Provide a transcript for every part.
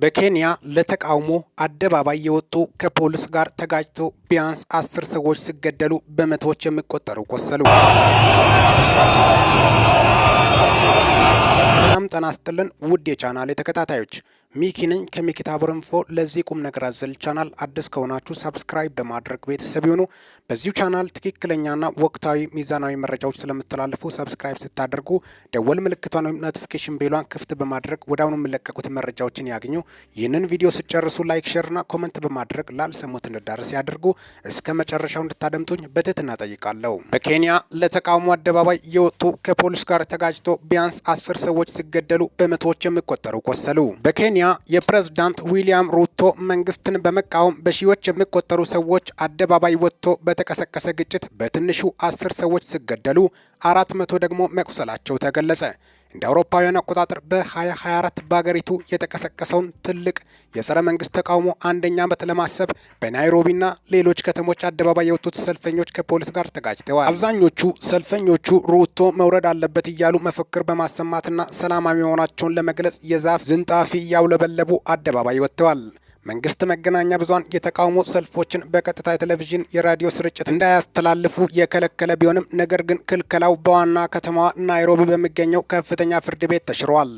በኬንያ ለተቃውሞ አደባባይ የወጡ ከፖሊስ ጋር ተጋጭቶ ቢያንስ አስር ሰዎች ሲገደሉ በመቶዎች የሚቆጠሩ ቆሰሉ። ሰላም ጠና ስጥልን ውድ የቻናሌ ተከታታዮች ሚኪ ነኝ ከሚኪታ ቦረንፎ። ለዚህ ቁም ነገር አዘል ቻናል አዲስ ከሆናችሁ ሰብስክራይብ በማድረግ ቤተሰብ ይሁኑ። በዚሁ ቻናል ትክክለኛና ወቅታዊ ሚዛናዊ መረጃዎች ስለምተላልፉ ሰብስክራይብ ስታደርጉ ደወል ምልክቷን ወይም ኖቲፊኬሽን ቤሏን ክፍት በማድረግ ወደ አሁኑ የሚለቀቁት መረጃዎችን ያግኙ። ይህንን ቪዲዮ ስጨርሱ ላይክ፣ ሼርና ኮመንት በማድረግ ላልሰሙት እንዲዳረስ ያድርጉ። እስከ መጨረሻው እንድታደምጡኝ በትህትና ጠይቃለሁ። በኬንያ ለተቃውሞ አደባባይ የወጡ ከፖሊስ ጋር ተጋጅቶ ቢያንስ አስር ሰዎች ሲገደሉ በመቶዎች የሚቆጠሩ ቆሰሉ። በኬንያ ኬንያ የፕሬዝዳንት ዊሊያም ሩቶ መንግስትን በመቃወም በሺዎች የሚቆጠሩ ሰዎች አደባባይ ወጥቶ በተቀሰቀሰ ግጭት በትንሹ አስር ሰዎች ሲገደሉ አራት መቶ ደግሞ መቁሰላቸው ተገለጸ። እንደ አውሮፓውያን አቆጣጠር በ2024 በሀገሪቱ የተቀሰቀሰውን ትልቅ የጸረ መንግስት ተቃውሞ አንደኛ ዓመት ለማሰብ በናይሮቢና ሌሎች ከተሞች አደባባይ የወጡት ሰልፈኞች ከፖሊስ ጋር ተጋጭተዋል። አብዛኞቹ ሰልፈኞቹ ሩቶ መውረድ አለበት እያሉ መፈክር በማሰማትና ሰላማዊ መሆናቸውን ለመግለጽ የዛፍ ዝንጣፊ እያውለበለቡ አደባባይ ወጥተዋል። መንግስት መገናኛ ብዙሃን የተቃውሞ ሰልፎችን በቀጥታ የቴሌቪዥን የራዲዮ ስርጭት እንዳያስተላልፉ የከለከለ ቢሆንም ነገር ግን ክልከላው በዋና ከተማዋ ናይሮቢ በሚገኘው ከፍተኛ ፍርድ ቤት ተሽሯል።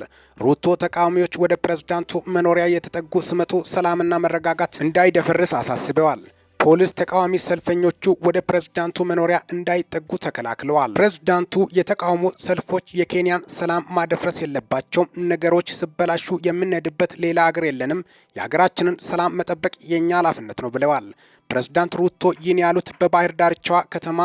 ሩቶ ተቃዋሚዎች ወደ ፕሬዝዳንቱ መኖሪያ የተጠጉ ስመቱ ሰላምና መረጋጋት እንዳይደፈርስ አሳስበዋል። ፖሊስ ተቃዋሚ ሰልፈኞቹ ወደ ፕሬዝዳንቱ መኖሪያ እንዳይጠጉ ተከላክለዋል። ፕሬዝዳንቱ የተቃውሞ ሰልፎች የኬንያን ሰላም ማደፍረስ የለባቸውም፣ ነገሮች ስበላሹ የምንሄድበት ሌላ አገር የለንም፣ የሀገራችንን ሰላም መጠበቅ የእኛ ኃላፊነት ነው ብለዋል። ፕሬዝዳንት ሩቶ ይህን ያሉት በባህር ዳርቻዋ ከተማ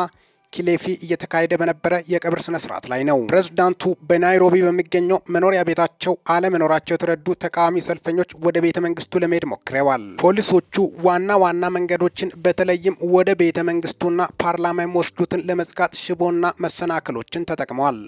ኪሌፊ እየተካሄደ በነበረ የቀብር ስነ ስርዓት ላይ ነው። ፕሬዝዳንቱ በናይሮቢ በሚገኘው መኖሪያ ቤታቸው አለመኖራቸው የተረዱ ተቃዋሚ ሰልፈኞች ወደ ቤተ መንግስቱ ለመሄድ ሞክረዋል። ፖሊሶቹ ዋና ዋና መንገዶችን በተለይም ወደ ቤተ መንግስቱና ፓርላማ የሚወስዱትን ለመዝጋት ሽቦና መሰናክሎችን ተጠቅመዋል።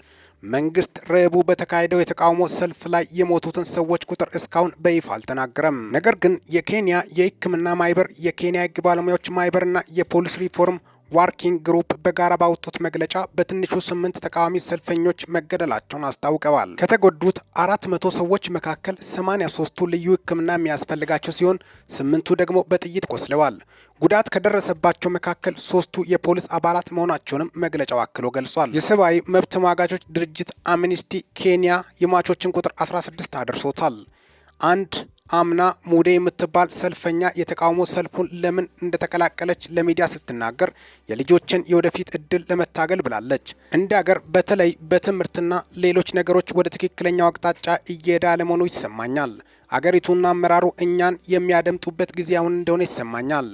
መንግስት ረቡዕ በተካሄደው የተቃውሞ ሰልፍ ላይ የሞቱትን ሰዎች ቁጥር እስካሁን በይፋ አልተናገረም። ነገር ግን የኬንያ የሕክምና ማህበር፣ የኬንያ የህግ ባለሙያዎች ማህበርና የፖሊስ ሪፎርም ዋርኪንግ ግሩፕ በጋራ ባወጡት መግለጫ በትንሹ ስምንት ተቃዋሚ ሰልፈኞች መገደላቸውን አስታውቀዋል። ከተጎዱት አራት መቶ ሰዎች መካከል ሰማኒያ ሶስቱ ልዩ ሕክምና የሚያስፈልጋቸው ሲሆን ስምንቱ ደግሞ በጥይት ቆስለዋል። ጉዳት ከደረሰባቸው መካከል ሶስቱ የፖሊስ አባላት መሆናቸውንም መግለጫው አክሎ ገልጿል። የሰብአዊ መብት ተሟጋቾች ድርጅት አምኒስቲ ኬንያ የሟቾችን ቁጥር 16 አድርሶታል። አንድ አምና ሙዴ የምትባል ሰልፈኛ የተቃውሞ ሰልፉን ለምን እንደተቀላቀለች ለሚዲያ ስትናገር የልጆችን የወደፊት እድል ለመታገል ብላለች። እንደ ሀገር በተለይ በትምህርትና ሌሎች ነገሮች ወደ ትክክለኛው አቅጣጫ እየሄደ አለመሆኑ ይሰማኛል። አገሪቱና አመራሩ እኛን የሚያደምጡበት ጊዜ አሁን እንደሆነ ይሰማኛል።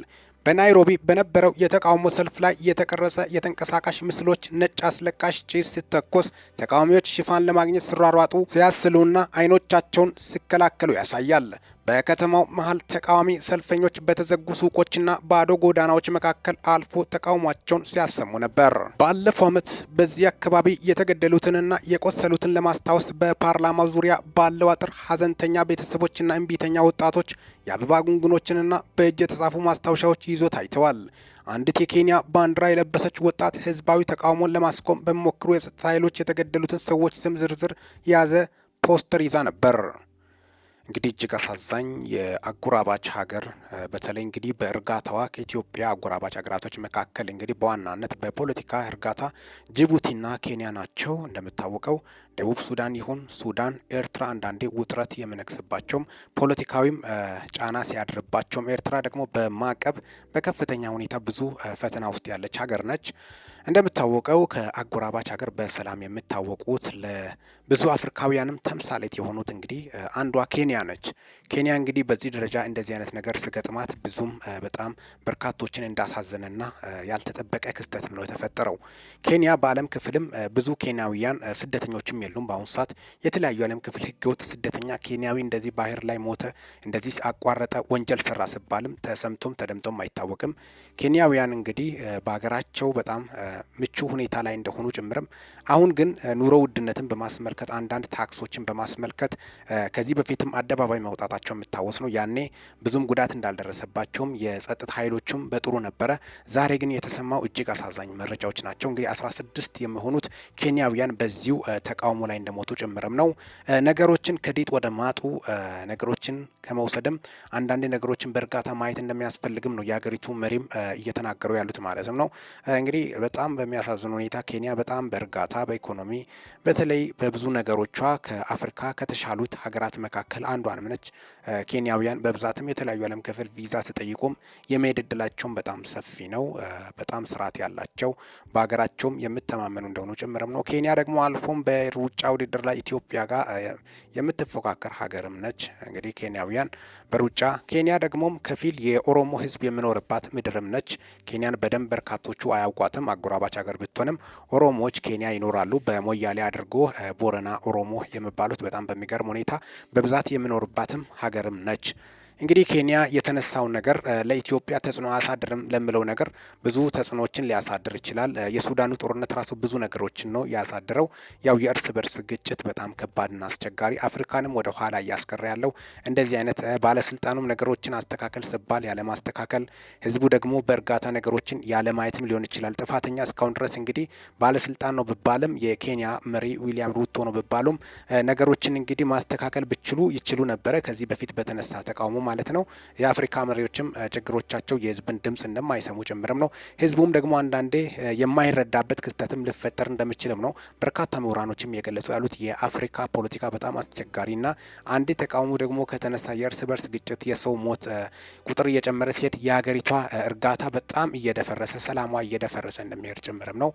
በናይሮቢ በነበረው የተቃውሞ ሰልፍ ላይ የተቀረጸ የተንቀሳቃሽ ምስሎች ነጭ አስለቃሽ ጭስ ሲተኮስ ተቃዋሚዎች ሽፋን ለማግኘት ሲሯሯጡ ሲያስሉና አይኖቻቸውን ሲከላከሉ ያሳያል። በከተማው መሀል ተቃዋሚ ሰልፈኞች በተዘጉ ሱቆችና ባዶ ጎዳናዎች መካከል አልፎ ተቃውሟቸውን ሲያሰሙ ነበር። ባለፈው ዓመት በዚህ አካባቢ የተገደሉትንና የቆሰሉትን ለማስታወስ በፓርላማው ዙሪያ ባለው አጥር ሀዘንተኛ ቤተሰቦችና እምቢተኛ ወጣቶች የአበባ ጉንጉኖችንና በእጅ የተጻፉ ማስታወሻዎች ይዞ ታይተዋል። አንዲት የኬንያ ባንዲራ የለበሰች ወጣት ህዝባዊ ተቃውሞን ለማስቆም በሚሞክሩ የጸጥታ ኃይሎች የተገደሉትን ሰዎች ስም ዝርዝር የያዘ ፖስተር ይዛ ነበር። እንግዲህ እጅግ አሳዛኝ የአጎራባች ሀገር በተለይ እንግዲህ በእርጋታዋ ከኢትዮጵያ አጎራባች ሀገራቶች መካከል እንግዲህ በዋናነት በፖለቲካ እርጋታ ጅቡቲና ኬንያ ናቸው። እንደምታወቀው ደቡብ ሱዳን ይሁን ሱዳን፣ ኤርትራ አንዳንዴ ውጥረት የምነግስባቸውም ፖለቲካዊም ጫና ሲያድርባቸውም፣ ኤርትራ ደግሞ በማዕቀብ በከፍተኛ ሁኔታ ብዙ ፈተና ውስጥ ያለች ሀገር ነች። እንደምታወቀው ከአጎራባች ሀገር በሰላም የሚታወቁት ለብዙ አፍሪካውያንም ተምሳሌት የሆኑት እንግዲህ አንዷ ኬንያ ነች። ኬንያ እንግዲህ በዚህ ደረጃ እንደዚህ አይነት ነገር ስገጥማት ብዙም በጣም በርካቶችን እንዳሳዘነና ያልተጠበቀ ክስተትም ነው የተፈጠረው። ኬንያ በዓለም ክፍልም ብዙ ኬንያውያን ስደተኞችም የሉም። በአሁኑ ሰዓት የተለያዩ ዓለም ክፍል ህገወጥ ስደተኛ ኬንያዊ እንደዚህ ባህር ላይ ሞተ፣ እንደዚህ አቋረጠ፣ ወንጀል ሰራ ስባልም ተሰምቶም ተደምጦም አይታወቅም። ኬንያውያን እንግዲህ በሀገራቸው በጣም ምቹ ሁኔታ ላይ እንደሆኑ ጭምርም አሁን ግን ኑሮ ውድነትን በማስመልከት አንዳንድ ታክሶችን በማስመልከት ከዚህ በፊትም አደባባይ መውጣታቸው የሚታወስ ነው። ያኔ ብዙም ጉዳት እንዳልደረሰባቸውም የጸጥታ ኃይሎችም በጥሩ ነበረ። ዛሬ ግን የተሰማው እጅግ አሳዛኝ መረጃዎች ናቸው። እንግዲህ 16 የሚሆኑት ኬንያውያን በዚሁ ተቃውሞ ላይ እንደሞቱ ጭምርም ነው። ነገሮችን ከዲጥ ወደ ማጡ ነገሮችን ከመውሰድም አንዳንድ ነገሮችን በእርጋታ ማየት እንደሚያስፈልግም ነው የሀገሪቱ መሪም እየተናገሩ ያሉት ማለትም ነው እንግዲህ በጣም በጣም በሚያሳዝን ሁኔታ ኬንያ በጣም በእርጋታ በኢኮኖሚ በተለይ በብዙ ነገሮቿ ከአፍሪካ ከተሻሉት ሀገራት መካከል አንዷ ነች። ኬንያውያን በብዛትም የተለያዩ ዓለም ክፍል ቪዛ ተጠይቆም የመሄድ እድላቸውም በጣም ሰፊ ነው። በጣም ስርዓት ያላቸው በሀገራቸውም የምተማመኑ እንደሆኑ ጭምርም ነው። ኬንያ ደግሞ አልፎም በሩጫ ውድድር ላይ ኢትዮጵያ ጋር የምትፎካከር ሀገርም ነች። እንግዲህ ኬንያውያን በሩጫ ኬንያ ደግሞም ከፊል የኦሮሞ ህዝብ የሚኖርባት ምድርም ነች። ኬንያን በደንብ በርካቶቹ አያውቋትም አጉራ ተጎራባች ሀገር ብትሆንም ኦሮሞዎች ኬንያ ይኖራሉ። በሞያሌ አድርጎ ቦረና ኦሮሞ የሚባሉት በጣም በሚገርም ሁኔታ በብዛት የምኖርባትም ሀገርም ነች። እንግዲህ ኬንያ የተነሳውን ነገር ለኢትዮጵያ ተጽዕኖ አያሳድርም ለምለው ነገር ብዙ ተጽዕኖዎችን ሊያሳድር ይችላል። የሱዳኑ ጦርነት ራሱ ብዙ ነገሮችን ነው ያሳድረው። ያው የእርስ በርስ ግጭት በጣም ከባድና አስቸጋሪ አፍሪካንም ወደ ኋላ እያስቀረ ያለው እንደዚህ አይነት ባለስልጣኑም ነገሮችን አስተካከል ስባል ያለማስተካከል፣ ህዝቡ ደግሞ በእርጋታ ነገሮችን ያለማየትም ሊሆን ይችላል። ጥፋተኛ እስካሁን ድረስ እንግዲህ ባለስልጣን ነው ብባልም የኬንያ መሪ ዊሊያም ሩቶ ነው ብባሉም ነገሮችን እንግዲህ ማስተካከል ብችሉ ይችሉ ነበረ ከዚህ በፊት በተነሳ ተቃውሞ ማለት ነው። የአፍሪካ መሪዎችም ችግሮቻቸው የህዝብን ድምፅ እንደማይሰሙ ጭምርም ነው። ህዝቡም ደግሞ አንዳንዴ የማይረዳበት ክስተትም ሊፈጠር እንደሚችልም ነው በርካታ ምሁራኖችም የገለጹ ያሉት የአፍሪካ ፖለቲካ በጣም አስቸጋሪና አንዴ ተቃውሞ ደግሞ ከተነሳ የእርስ በርስ ግጭት የሰው ሞት ቁጥር እየጨመረ ሲሄድ የሀገሪቷ እርጋታ በጣም እየደፈረሰ ሰላሟ እየደፈረሰ እንደሚሄድ ጭምርም ነው።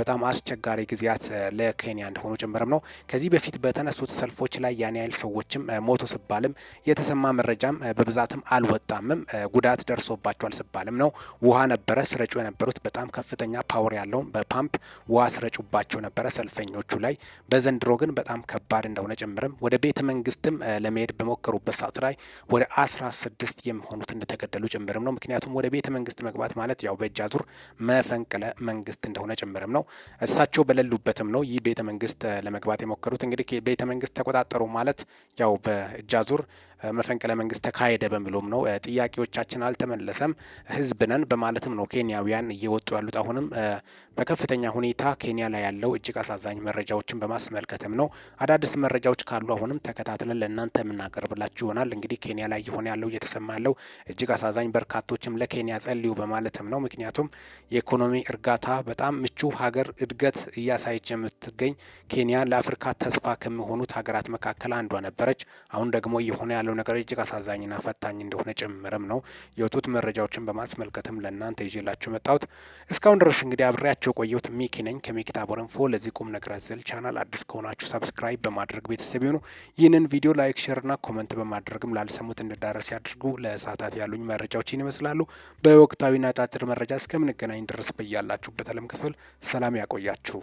በጣም አስቸጋሪ ጊዜያት ለኬንያ እንደሆኑ ጭምርም ነው። ከዚህ በፊት በተነሱት ሰልፎች ላይ ያን ያህል ሰዎችም ሞቶ ስባልም የተሰማ መረጃም በብዛትም አልወጣምም። ጉዳት ደርሶባቸዋል ስባልም ነው። ውሃ ነበረ ስረጩ የነበሩት በጣም ከፍተኛ ፓወር ያለውም በፓምፕ ውሃ ስረጩባቸው ነበረ ሰልፈኞቹ ላይ። በዘንድሮ ግን በጣም ከባድ እንደሆነ ጭምርም ወደ ቤተ መንግስትም ለመሄድ በሞከሩበት ሰዓት ላይ ወደ አስራ ስድስት የሚሆኑት እንደተገደሉ ጭምርም ነው። ምክንያቱም ወደ ቤተ መንግስት መግባት ማለት ያው በእጅ አዙር መፈንቅለ መንግስት እንደሆነ ጭምርም ነው። እሳቸው በሌሉበትም ነው ይህ ቤተ መንግስት ለመግባት የሞከሩት። እንግዲህ ቤተ መንግስት ተቆጣጠሩ ማለት ያው በእጅ አዙር መፈንቅለ መንግስት ተካሄደ በሚሉም ነው። ጥያቄዎቻችን አልተመለሰም ህዝብ ነን በማለትም ነው ኬንያውያን እየወጡ ያሉት። አሁንም በከፍተኛ ሁኔታ ኬንያ ላይ ያለው እጅግ አሳዛኝ መረጃዎችን በማስመልከትም ነው። አዳዲስ መረጃዎች ካሉ አሁንም ተከታትለን ለእናንተ የምናቀርብላችሁ ይሆናል። እንግዲህ ኬንያ ላይ እየሆነ ያለው እየተሰማ ያለው እጅግ አሳዛኝ፣ በርካቶችም ለኬንያ ጸልዩ በማለትም ነው። ምክንያቱም የኢኮኖሚ እርጋታ በጣም ምቹ ሀገር እድገት እያሳየች የምትገኝ ኬንያ ለአፍሪካ ተስፋ ከሚሆኑት ሀገራት መካከል አንዷ ነበረች። አሁን ደግሞ እየሆነ ያለው ያለው ነገር እጅግ አሳዛኝና ፈታኝ እንደሆነ ጭምርም ነው የወጡት መረጃዎችን በማስመልከትም ለእናንተ ይዤላችሁ መጣሁት። እስካሁን ድረስ እንግዲህ አብሬያቸው ቆየሁት። ሚኪ ነኝ ከሚኪ ታቦር ኢንፎ። ለዚህ ቁም ነገር አዘል ቻናል አዲስ ከሆናችሁ ሰብስክራይብ በማድረግ ቤተሰብ ይሁኑ። ይህንን ቪዲዮ ላይክ፣ ሼርና ኮመንት በማድረግም ላልሰሙት እንዲዳረስ ያድርጉ። ለሰዓታት ያሉኝ መረጃዎችን ይመስላሉ። በወቅታዊና አጫጭር መረጃ እስከምንገናኝ ድረስ በያላችሁበት ዓለም ክፍል ሰላም ያቆያችሁ።